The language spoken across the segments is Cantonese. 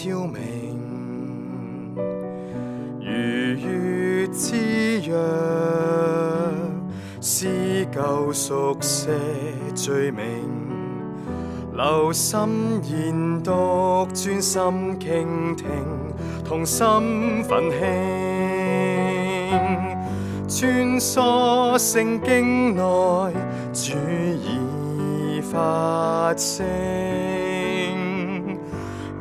照明如月之約，撕舊熟寫罪名，留心研讀，專心傾聽，同心奮興，穿梭聖經內，主已發聲。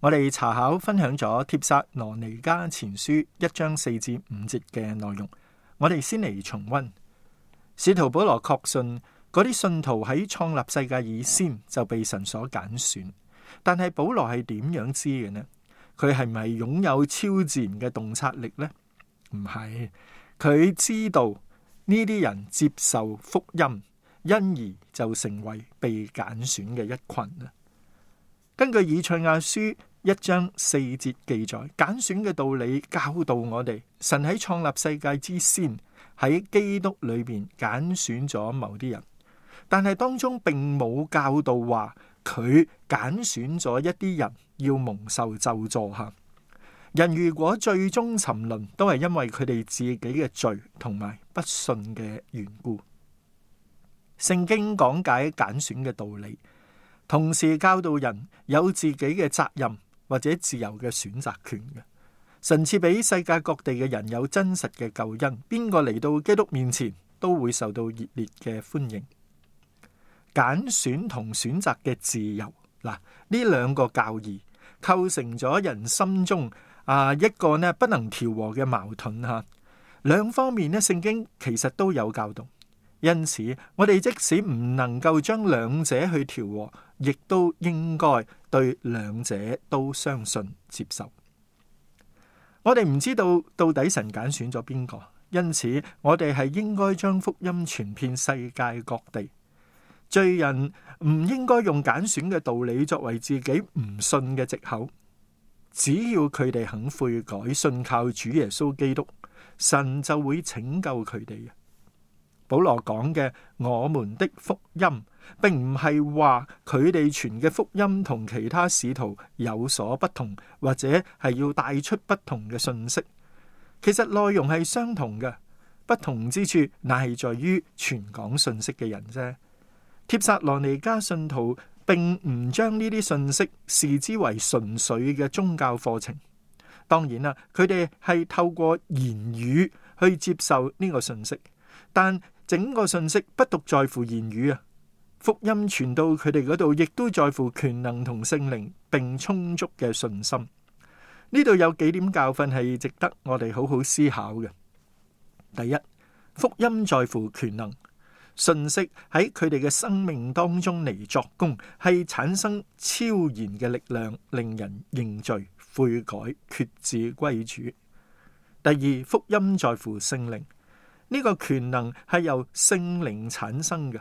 我哋查考分享咗帖撒羅尼迦前書一章四至五節嘅內容，我哋先嚟重溫。使徒保羅確信嗰啲信徒喺創立世界以先就被神所揀選，但係保羅係點樣知嘅呢？佢係咪擁有超自然嘅洞察力呢？唔係，佢知道呢啲人接受福音，因而就成為被揀選嘅一群啊。根據以賽亞書。一章四節記載，揀選嘅道理教導我哋，神喺創立世界之先喺基督裏邊揀選咗某啲人，但係當中並冇教導話佢揀選咗一啲人要蒙受咒詛，下人如果最終沉淪，都係因為佢哋自己嘅罪同埋不信嘅緣故。聖經講解揀選嘅道理，同時教導人有自己嘅責任。或者自由嘅選擇權嘅，神賜俾世界各地嘅人有真實嘅救恩，邊個嚟到基督面前都會受到熱烈嘅歡迎。揀選同選、選擇嘅自由，嗱呢兩個教義構成咗人心中啊一個呢不能調和嘅矛盾吓、啊，兩方面呢聖經其實都有教導。因此，我哋即使唔能夠將兩者去調和，亦都應該對兩者都相信接受。我哋唔知道到底神揀選咗邊個，因此我哋係應該將福音傳遍世界各地。罪人唔應該用揀選嘅道理作為自己唔信嘅藉口，只要佢哋肯悔改、信靠主耶穌基督，神就會拯救佢哋嘅。保羅講嘅我們的福音，並唔係話佢哋傳嘅福音同其他使徒有所不同，或者係要帶出不同嘅信息。其實內容係相同嘅，不同之處乃係在於傳講信息嘅人啫。帖撒羅尼迦信徒並唔將呢啲信息視之為純粹嘅宗教課程。當然啦，佢哋係透過言語去接受呢個信息，但，整個信息不獨在乎言語啊，福音傳到佢哋嗰度，亦都在乎權能同聖靈並充足嘅信心。呢度有幾點教訓係值得我哋好好思考嘅。第一，福音在乎權能，信息喺佢哋嘅生命當中嚟作工，係產生超然嘅力量，令人認罪悔改，決志歸主。第二，福音在乎聖靈。呢個權能係由聖靈產生嘅。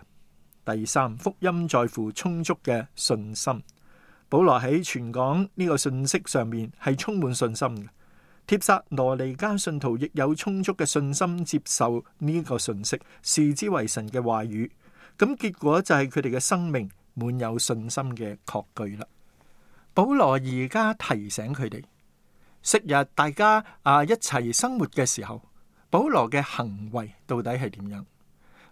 第三，福音在乎充足嘅信心。保羅喺傳講呢個信息上面係充滿信心嘅。帖撒羅尼迦信徒亦有充足嘅信心接受呢個信息，視之為神嘅話語。咁結果就係佢哋嘅生命滿有信心嘅確據啦。保羅而家提醒佢哋，昔日大家啊一齊生活嘅時候。保羅嘅行為到底係點樣？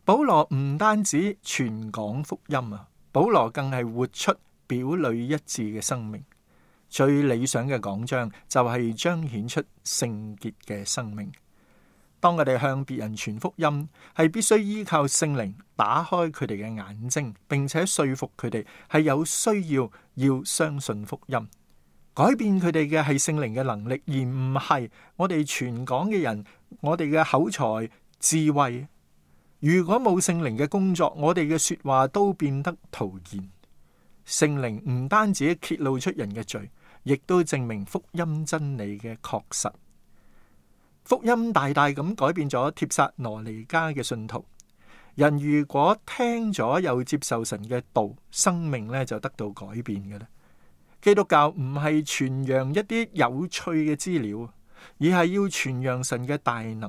保羅唔單止傳講福音啊，保羅更係活出表裏一致嘅生命。最理想嘅講章就係彰顯出聖潔嘅生命。當我哋向別人傳福音，係必須依靠聖靈打開佢哋嘅眼睛，並且說服佢哋係有需要要相信福音。改變佢哋嘅係聖靈嘅能力，而唔係我哋傳講嘅人。我哋嘅口才、智慧，如果冇聖靈嘅工作，我哋嘅說話都變得徒然。聖靈唔單止揭露出人嘅罪，亦都證明福音真理嘅確實。福音大大咁改變咗帖撒羅尼迦嘅信徒。人如果聽咗又接受神嘅道，生命咧就得到改變嘅咧。基督教唔係傳揚一啲有趣嘅資料。而係要傳揚神嘅大能，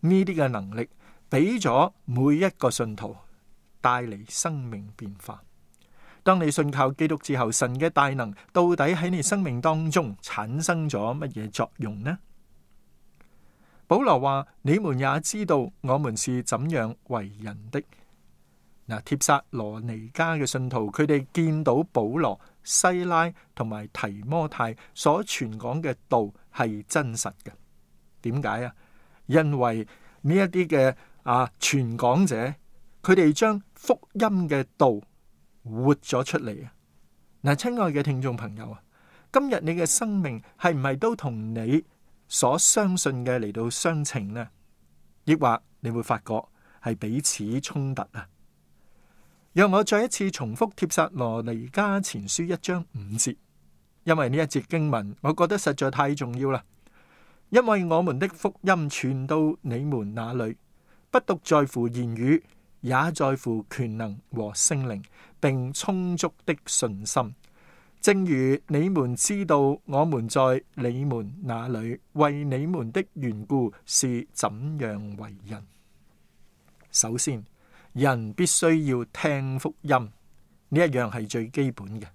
呢啲嘅能力俾咗每一個信徒帶嚟生命變化。當你信靠基督之後，神嘅大能到底喺你生命當中產生咗乜嘢作用呢？保羅話：你們也知道我們是怎樣為人的。嗱，帖撒羅尼迦嘅信徒，佢哋見到保羅、西拉同埋提摩太所傳講嘅道。係真實嘅，點解啊？因為呢一啲嘅啊傳講者，佢哋將福音嘅道活咗出嚟啊！嗱，親愛嘅聽眾朋友啊，今日你嘅生命係唔係都同你所相信嘅嚟到相稱呢？抑或你會發覺係彼此衝突啊？讓我再一次重複帖撒羅尼迦前書一章五節。因為呢一節經文，我覺得實在太重要啦。因為我們的福音傳到你們那裡，不獨在乎言語，也在乎權能和聖靈，並充足的信心。正如你們知道，我們在你們那裡，為你們的緣故，是怎樣為人。首先，人必須要聽福音，呢一樣係最基本嘅。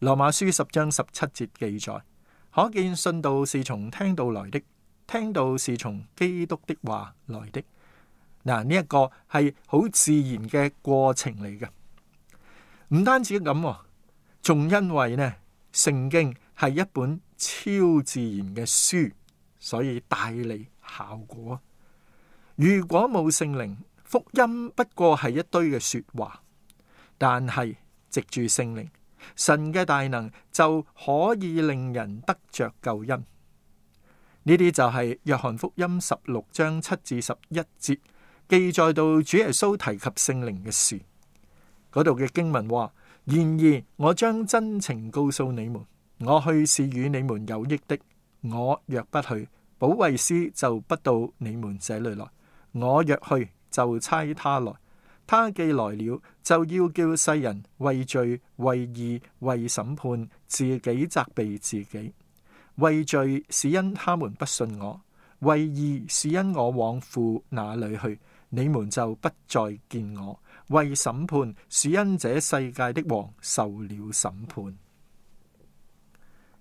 羅馬書十章十七節記載，可見信道是從聽道來的，聽道是從基督的話來的。嗱，呢一個係好自然嘅過程嚟嘅。唔單止咁，仲因為呢，聖經係一本超自然嘅書，所以帶嚟效果。如果冇聖靈，福音不過係一堆嘅說話，但係藉住聖靈。神嘅大能就可以令人得着救恩，呢啲就係約翰福音十六章七至十一節記載到主耶穌提及聖靈嘅事。嗰度嘅經文話：然而我將真情告訴你們，我去是與你們有益的。我若不去，保惠師就不到你們這裏來；我若去，就差他來。他既來了，就要叫世人為罪、為義、為審判，自己責備自己。為罪是因他們不信我；為義是因我往父那裏去，你們就不再見我。為審判是因這世界的王受了審判。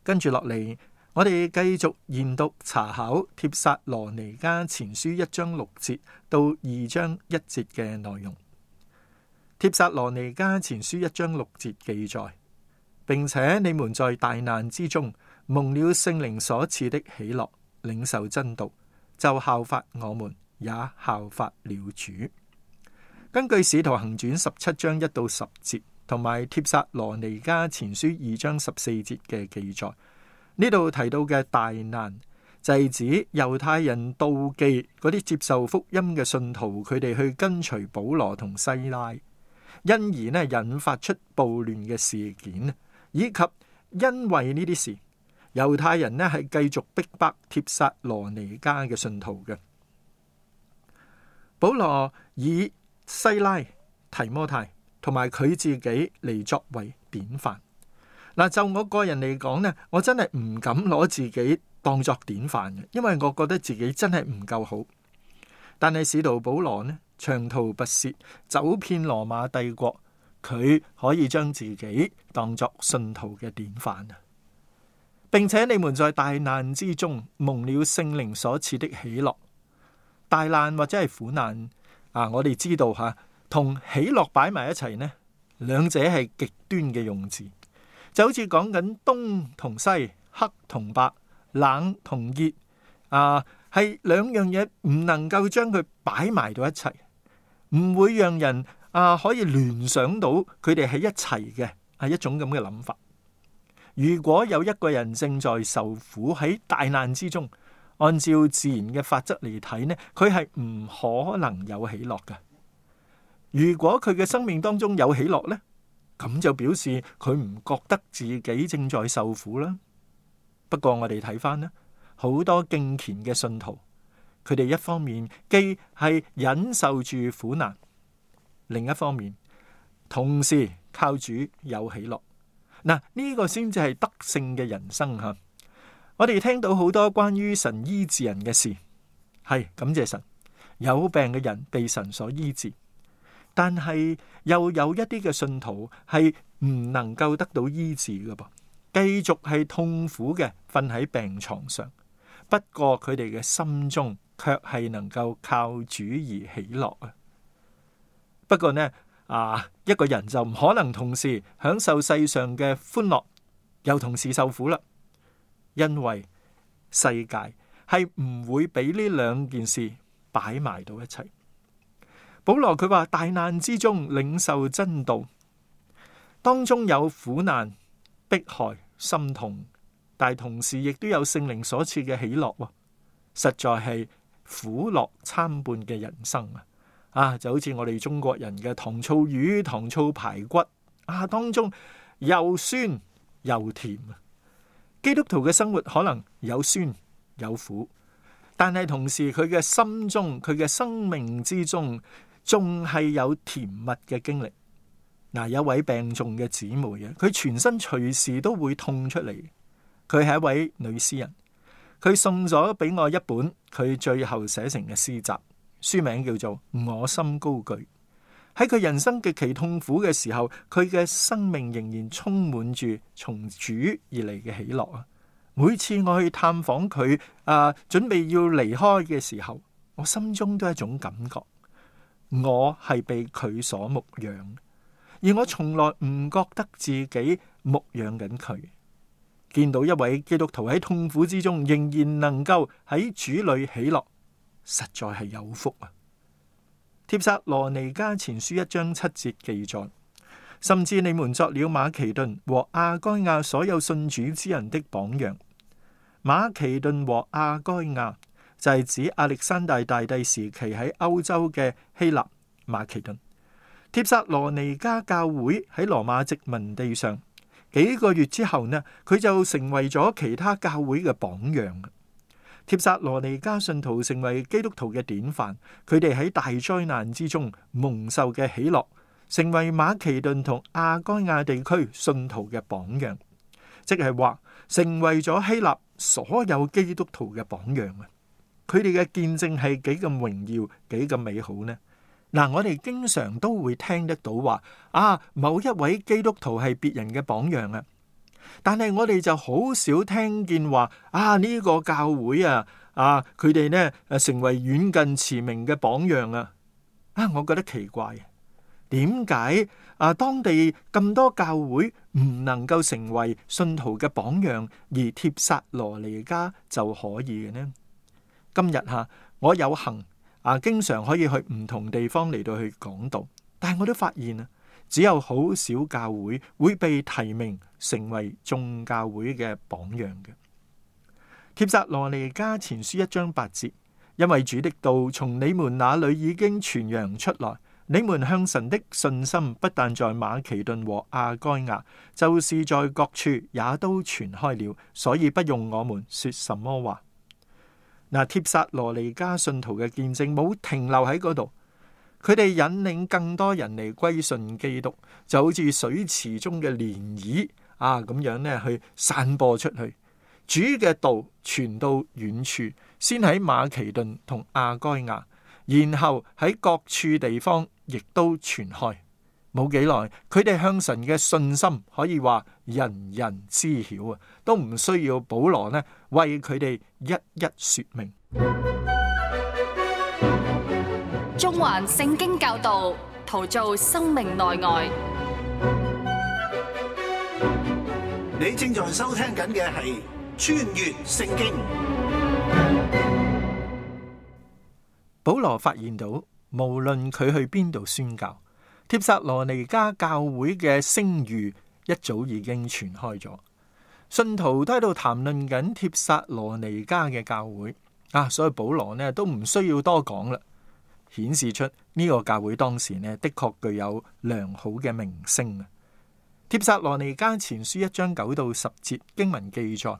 跟住落嚟，我哋繼續研讀查考帖撒羅尼迦前書一章六節到二章一節嘅內容。帖撒羅尼加前書一章六節記載，並且你們在大難之中蒙了聖靈所賜的喜樂，領受真道，就效法我們，也效法了主。根據使徒行傳十七章一到十節，同埋帖撒羅尼迦前書二章十四節嘅記載，呢度提到嘅大難就係指猶太人妒忌嗰啲接受福音嘅信徒，佢哋去跟隨保羅同西拉。因而呢，引發出暴亂嘅事件，以及因為呢啲事，猶太人呢係繼續逼迫帖撒羅尼加嘅信徒嘅。保羅以西拉、提摩太同埋佢自己嚟作為典範。嗱，就我個人嚟講呢，我真係唔敢攞自己當作典範嘅，因為我覺得自己真係唔夠好。但係使徒保羅呢。長途跋涉，走遍羅馬帝國，佢可以將自己當作信徒嘅典範啊！並且你們在大難之中蒙了聖靈所賜的喜樂。大難或者係苦難啊！我哋知道吓，同、啊、喜樂擺埋一齊呢，兩者係極端嘅用字，就好似講緊東同西、黑同白、冷同熱啊，係兩樣嘢唔能夠將佢擺埋到一齊。唔會讓人啊可以聯想到佢哋喺一齊嘅，係一種咁嘅諗法。如果有一個人正在受苦喺大難之中，按照自然嘅法則嚟睇呢，佢係唔可能有喜樂嘅。如果佢嘅生命當中有喜樂呢，咁就表示佢唔覺得自己正在受苦啦。不過我哋睇翻呢，好多敬虔嘅信徒。佢哋一方面既係忍受住苦難，另一方面同時靠主有喜樂。嗱，呢個先至係得勝嘅人生吓。我哋聽到好多關於神醫治人嘅事，係感謝神有病嘅人被神所醫治，但係又有一啲嘅信徒係唔能夠得到醫治㗎噃，繼續係痛苦嘅瞓喺病床上。不過佢哋嘅心中。卻係能夠靠主而喜樂啊！不過呢，啊，一個人就唔可能同時享受世上嘅歡樂，又同時受苦啦。因為世界係唔會俾呢兩件事擺埋到一齊。保羅佢話：大難之中領受真道，當中有苦難、迫害、心痛，但同時亦都有聖靈所賜嘅喜樂。實在係。苦樂參半嘅人生啊，啊，就好似我哋中國人嘅糖醋魚、糖醋排骨啊，當中又酸又甜啊。基督徒嘅生活可能有酸有苦，但係同時佢嘅心中、佢嘅生命之中，仲係有甜蜜嘅經歷。嗱、啊，有位病重嘅姊妹啊，佢全身隨時都會痛出嚟，佢係一位女詩人。佢送咗俾我一本佢最後寫成嘅詩集，書名叫做《我心高舉》。喺佢人生極其痛苦嘅時候，佢嘅生命仍然充滿住從主而嚟嘅喜樂啊！每次我去探訪佢，啊，準備要離開嘅時候，我心中都係一種感覺，我係被佢所牧養，而我從來唔覺得自己牧養緊佢。見到一位基督徒喺痛苦之中，仍然能夠喺主裏喜樂，實在係有福啊！帖撒羅尼加前書一章七節記載，甚至你們作了馬其頓和阿該亞所有信主之人的榜樣。馬其頓和阿該亞就係指亞歷山大大帝時期喺歐洲嘅希臘馬其頓。帖撒羅尼加教會喺羅馬殖民地上。幾個月之後呢，佢就成為咗其他教會嘅榜樣。帖撒羅尼加信徒成為基督徒嘅典範，佢哋喺大災難之中蒙受嘅喜樂，成為馬其頓同亞該亞地區信徒嘅榜樣，即係話成為咗希臘所有基督徒嘅榜樣啊！佢哋嘅見證係幾咁榮耀，幾咁美好呢？嗱，我哋經常都會聽得到話啊，某一位基督徒係別人嘅榜樣啊，但係我哋就好少聽見話啊，呢個教會啊，啊佢哋咧誒成為遠近馳名嘅榜樣啊，啊我覺得奇怪，點解啊當地咁多教會唔能夠成為信徒嘅榜樣，而帖撒羅尼迦就可以嘅呢？今日吓我有幸。啊，經常可以去唔同地方嚟到去講道，但係我都發現啊，只有好少教會會被提名成為眾教會嘅榜樣嘅。帖撒羅尼迦前書一章八節，因為主的道從你們那裏已經傳揚出來，你們向神的信心不但在馬其頓和亞該亞，就是在各處也都傳開了，所以不用我們說什麼話。嗱，帖撒羅尼迦信徒嘅見證冇停留喺嗰度，佢哋引領更多人嚟歸信基督，就好似水池中嘅漣漪啊咁樣咧，去散播出去。主嘅道傳到遠處，先喺馬其頓同亞該亞，然後喺各處地方亦都傳開。冇幾耐，佢哋向神嘅信心可以話人人知曉啊，都唔需要保羅呢為佢哋一一說明。中環聖經教導，陶造生命內外。你正在收聽緊嘅係穿越聖經。保羅發現到，無論佢去邊度宣教。帖撒羅尼迦教會嘅聲譽一早已經傳開咗，信徒都喺度談論緊帖撒羅尼迦嘅教會啊，所以保羅呢都唔需要多講啦，顯示出呢、這個教會當時呢的確具有良好嘅名聲啊。帖撒羅尼迦前書一章九到十節經文記載：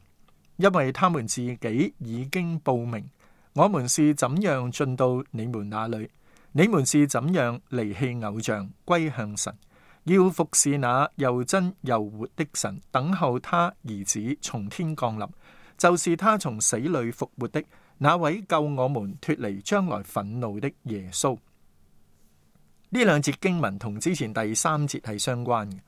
因為他們自己已經報明，我們是怎樣進到你們那裏。你們是怎樣離棄偶像歸向神，要服侍那又真又活的神，等候他兒子從天降臨，就是他從死裏復活的那位救我們脫離將來憤怒的耶穌。呢兩節經文同之前第三節係相關嘅。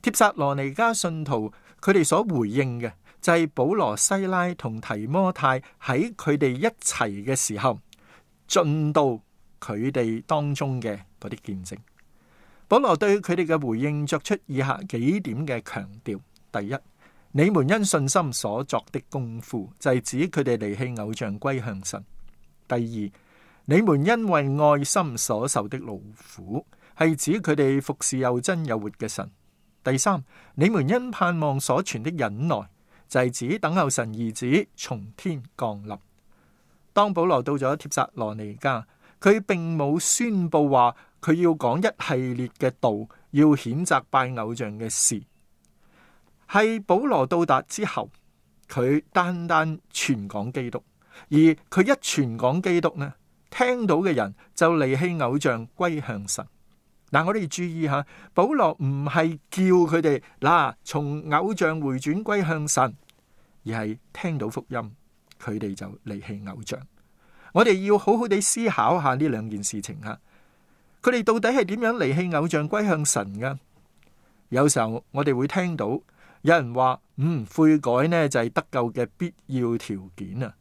帖撒羅尼迦信徒佢哋所回應嘅就係、是、保羅、西拉同提摩太喺佢哋一齊嘅時候，進度。佢哋當中嘅嗰啲見證，保羅對佢哋嘅回應作出以下幾點嘅強調：第一，你們因信心所作的功夫，就係指佢哋離棄偶像歸向神；第二，你們因為愛心所受的勞苦，係指佢哋服侍又真又活嘅神；第三，你們因盼望所存的忍耐，就係指等候神兒子從天降臨。當保羅到咗帖撒羅尼迦。佢並冇宣布話佢要講一系列嘅道，要譴責拜偶像嘅事。係保羅到達之後，佢單單傳講基督，而佢一傳講基督呢，聽到嘅人就離棄偶像歸向神。嗱，我哋要注意吓，保羅唔係叫佢哋嗱從偶像回轉歸向神，而係聽到福音，佢哋就離棄偶像。我哋要好好地思考下呢兩件事情啊！佢哋到底係點樣離棄偶像歸向神噶？有時候我哋會聽到有人話：嗯，悔改呢就係得救嘅必要條件啊！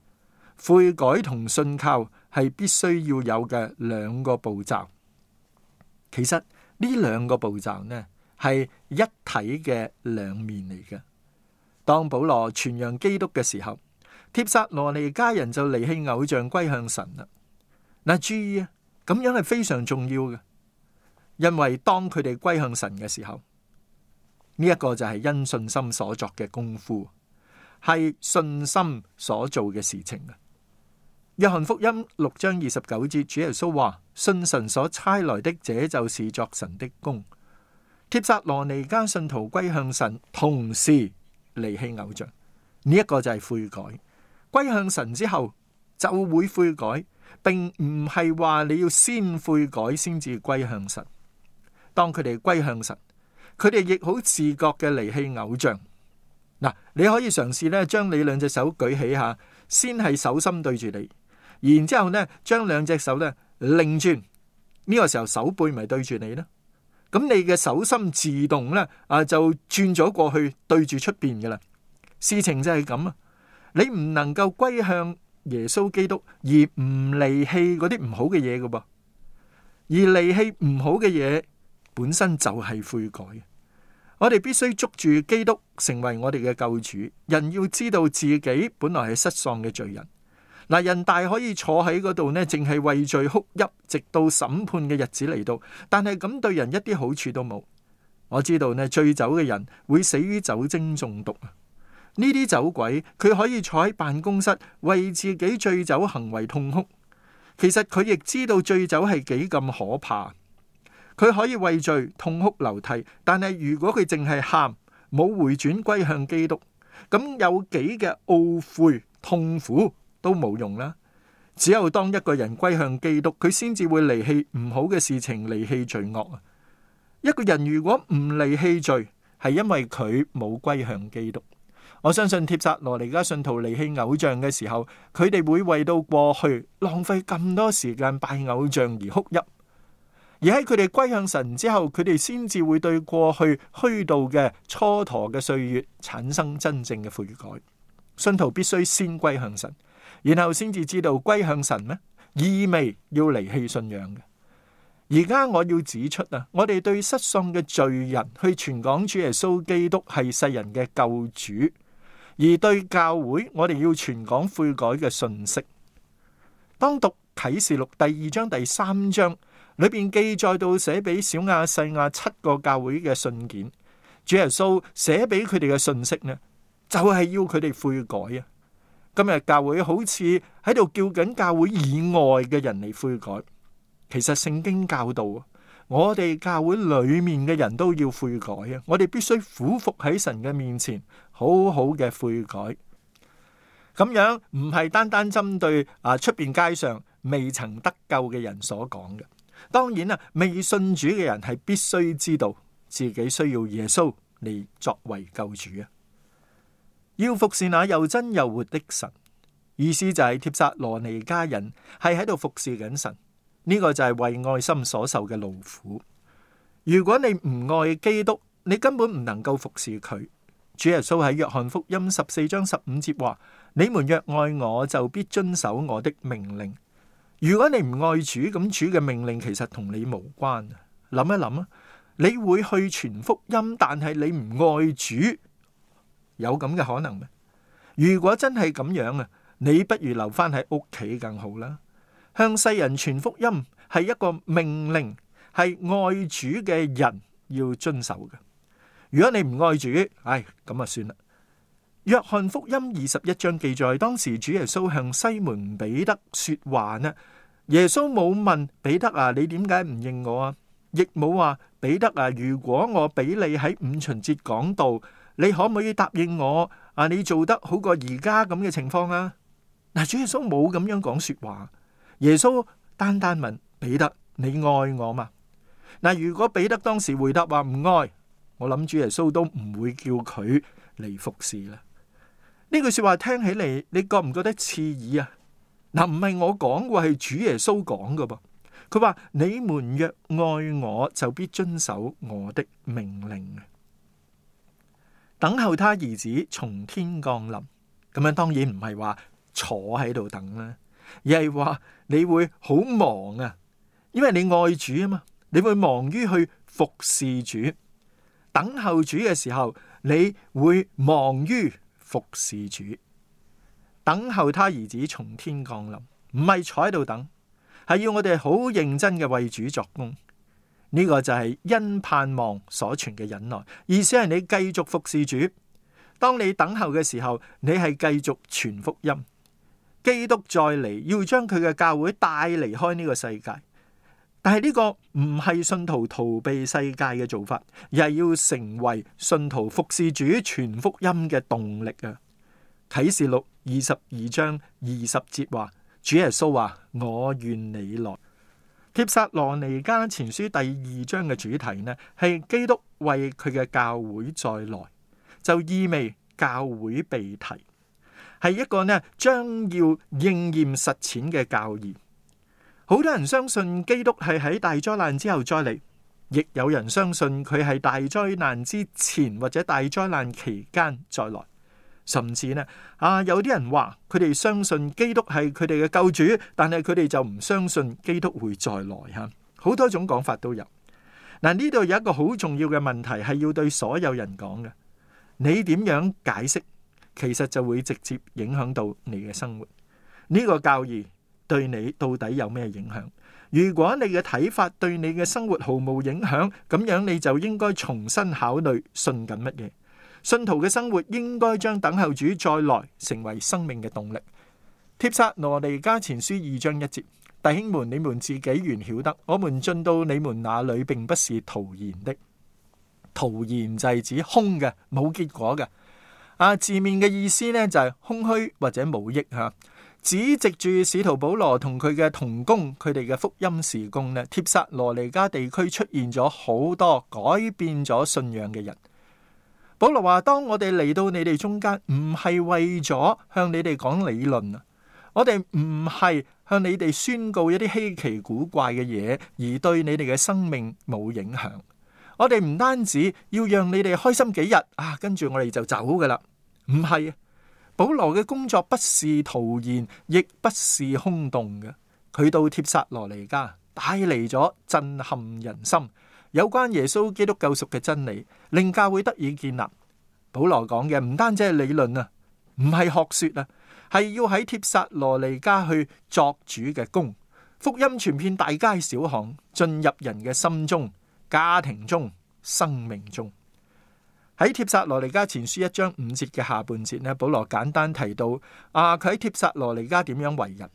悔改同信靠係必須要有嘅兩個步驟。其實呢兩個步驟呢係一體嘅兩面嚟嘅，當保羅傳揚基督嘅時候，帖撒羅尼迦人就離棄偶像歸向神啦。嗱，注意啊，咁樣係非常重要嘅，因為當佢哋歸向神嘅時候，呢一個就係因信心所作嘅功夫，係信心所做嘅事情啊。約翰福音六章二十九節，主耶穌話：信神所差來的，這就是作神的工。」帖撒羅尼迦信徒歸向神，同時離棄偶像，呢一個就係悔改。歸向神之後就會悔改，並唔係話你要先悔改先至歸向神。當佢哋歸向神，佢哋亦好自覺嘅離棄偶像。嗱，你可以嘗試咧，將你兩隻手舉起下先係手心對住你，然之後咧將兩隻手咧擰轉，呢個時候手背咪對住你咯。咁你嘅手心自動咧啊就轉咗過去對住出邊噶啦。事情就係咁啊。你唔能夠歸向耶穌基督，而唔離棄嗰啲唔好嘅嘢嘅噃。而離棄唔好嘅嘢，本身就係悔改。我哋必須捉住基督，成為我哋嘅救主。人要知道自己本來係失喪嘅罪人。嗱，人大可以坐喺嗰度呢，淨係畏罪哭泣，直到審判嘅日子嚟到，但係咁對人一啲好處都冇。我知道呢，醉酒嘅人會死於酒精中毒。呢啲酒鬼，佢可以坐喺辦公室為自己醉酒行為痛哭。其實佢亦知道醉酒係幾咁可怕。佢可以畏罪痛哭流涕，但係如果佢淨係喊冇回轉歸向基督，咁有幾嘅懊悔痛苦都冇用啦。只有當一個人歸向基督，佢先至會離棄唔好嘅事情，離棄罪惡啊。一個人如果唔離棄罪，係因為佢冇歸向基督。我相信帖撒羅尼迦信徒離棄偶像嘅時候，佢哋會為到過去浪費咁多時間拜偶像而哭泣。而喺佢哋歸向神之後，佢哋先至會對過去虛度嘅蹉跎嘅歲月產生真正嘅悔改。信徒必須先歸向神，然後先至知道歸向神呢意味要離棄信仰嘅。而家我要指出啊，我哋對失喪嘅罪人去傳講主耶穌基督係世人嘅救主。而對教會，我哋要傳講悔改嘅信息。當讀啟示錄第二章、第三章裏邊記載到寫俾小亞細亞七個教會嘅信件，主耶穌寫俾佢哋嘅信息呢，就係要佢哋悔改啊。今日教會好似喺度叫緊教會以外嘅人嚟悔改，其實聖經教導。我哋教會裏面嘅人都要悔改啊！我哋必須俯伏喺神嘅面前，好好嘅悔改。咁樣唔係單單針對啊出邊街上未曾得救嘅人所講嘅。當然啦、啊，未信主嘅人係必須知道自己需要耶穌嚟作為救主啊！要服侍那又真又活的神，意思就係帖撒羅尼迦人係喺度服侍緊神。呢個就係為愛心所受嘅勞苦。如果你唔愛基督，你根本唔能夠服侍佢。主耶穌喺約翰福音十四章十五節話：你們若愛我，就必遵守我的命令。如果你唔愛主，咁主嘅命令其實同你無關啊。諗一諗啊，你會去傳福音，但係你唔愛主，有咁嘅可能咩？如果真係咁樣啊，你不如留翻喺屋企更好啦。向世人傳福音係一個命令，係愛主嘅人要遵守嘅。如果你唔愛主，唉咁啊，算啦。約翰福音二十一章記載，當時主耶穌向西門彼得說話呢。耶穌冇問彼得啊，你點解唔認我啊？亦冇話彼得啊，如果我俾你喺五旬節講道，你可唔可以答應我啊？你做得好過而家咁嘅情況啊？嗱，主耶穌冇咁樣講說話。耶穌單單問彼得：你愛我嗎？嗱，如果彼得當時回答話唔愛，我諗主耶穌都唔會叫佢嚟服侍啦。呢句說話聽起嚟，你覺唔覺得刺耳啊？嗱，唔係我講嘅，係主耶穌講嘅噃。佢話：你們若愛我，就必遵守我的命令。等候他兒子從天降臨，咁樣當然唔係話坐喺度等啦。而係話你會好忙啊，因為你愛主啊嘛，你會忙於去服侍主，等候主嘅時候，你會忙於服侍主，等候他兒子從天降臨，唔係坐喺度等，係要我哋好認真嘅為主作工。呢個就係因盼望所存嘅忍耐，意思係你繼續服侍主。當你等候嘅時候，你係繼續傳福音。基督再嚟，要將佢嘅教會帶離開呢個世界，但係呢個唔係信徒逃避世界嘅做法，而係要成為信徒服侍主傳福音嘅動力啊！啟示錄二十二章二十節話：，主耶穌話：，我願你來。帖撒羅尼迦前書第二章嘅主題呢，係基督為佢嘅教會再來，就意味教會被提。係一個呢，將要應驗實踐嘅教義。好多人相信基督係喺大災難之後再嚟，亦有人相信佢係大災難之前或者大災難期間再來，甚至呢啊有啲人話佢哋相信基督係佢哋嘅救主，但係佢哋就唔相信基督會再來吓，好多種講法都有。嗱，呢度有一個好重要嘅問題係要對所有人講嘅，你點樣解釋？其實就會直接影響到你嘅生活。呢個教義對你到底有咩影響？如果你嘅睇法對你嘅生活毫無影響，咁樣你就應該重新考慮信緊乜嘢。信徒嘅生活應該將等候主再來成為生命嘅動力。帖撒羅尼迦前書二章一節：弟兄們，你們自己原曉得，我們進到你們那裡並不是徒然的。徒然就係指空嘅，冇結果嘅。啊！字面嘅意思呢，就係空虛或者無益吓，只藉住使徒保羅同佢嘅同工，佢哋嘅福音事工呢，帖撒羅尼加地區出現咗好多改變咗信仰嘅人。保羅話：當我哋嚟到你哋中間，唔係為咗向你哋講理論啊，我哋唔係向你哋宣告一啲稀奇古怪嘅嘢，而對你哋嘅生命冇影響。我哋唔單止要讓你哋開心幾日啊，跟住我哋就走噶啦，唔係啊。保羅嘅工作不是徒然，亦不是空洞嘅。佢到帖撒羅尼迦，帶嚟咗震撼人心有關耶穌基督救贖嘅真理，令教會得以建立。保羅講嘅唔單止係理論啊，唔係學說啊，係要喺帖撒羅尼迦去作主嘅工。福音傳遍大街小巷，進入人嘅心中。家庭中、生命中，喺帖撒羅尼迦前書一章五節嘅下半節呢，保羅簡單提到啊，佢喺帖撒羅尼迦點樣為人？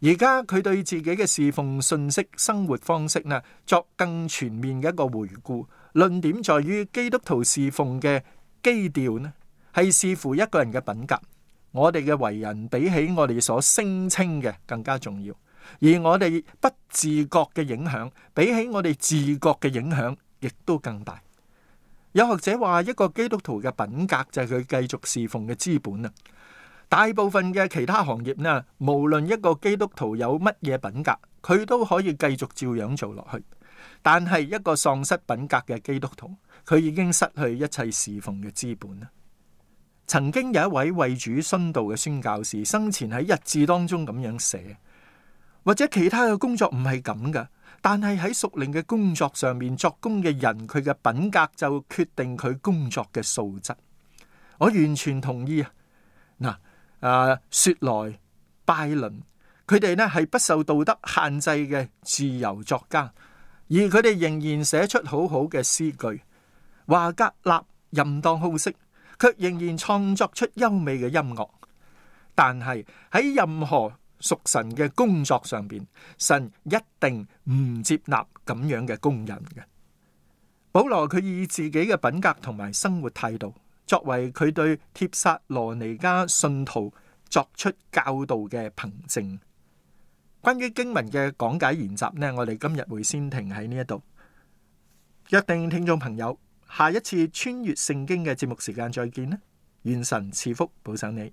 而家佢對自己嘅侍奉信息、生活方式呢，作更全面嘅一個回顧。論點在於基督徒侍奉嘅基調呢，係視乎一個人嘅品格。我哋嘅為人比起我哋所聲稱嘅更加重要。而我哋不自覺嘅影響，比起我哋自覺嘅影響，亦都更大。有學者話：一個基督徒嘅品格就係佢繼續侍奉嘅資本啊！大部分嘅其他行業呢，無論一個基督徒有乜嘢品格，佢都可以繼續照樣做落去。但係一個喪失品格嘅基督徒，佢已經失去一切侍奉嘅資本啦。曾經有一位為主殉道嘅宣教士，生前喺日誌當中咁樣寫。或者其他嘅工作唔係咁噶，但係喺屬靈嘅工作上面作工嘅人，佢嘅品格就決定佢工作嘅素質。我完全同意啊！嗱，啊，雪萊、拜倫，佢哋呢係不受道德限制嘅自由作家，而佢哋仍然寫出好好嘅詩句。華格納淫蕩好色，却仍然創作出優美嘅音樂。但係喺任何屬神嘅工作上邊，神一定唔接納咁樣嘅工人嘅。保羅佢以自己嘅品格同埋生活態度，作為佢對帖撒羅尼迦信徒作出教導嘅憑證。關於經文嘅講解研習呢，我哋今日會先停喺呢一度。約定聽眾朋友，下一次穿越聖經嘅節目時間再見啦！願神賜福保守你。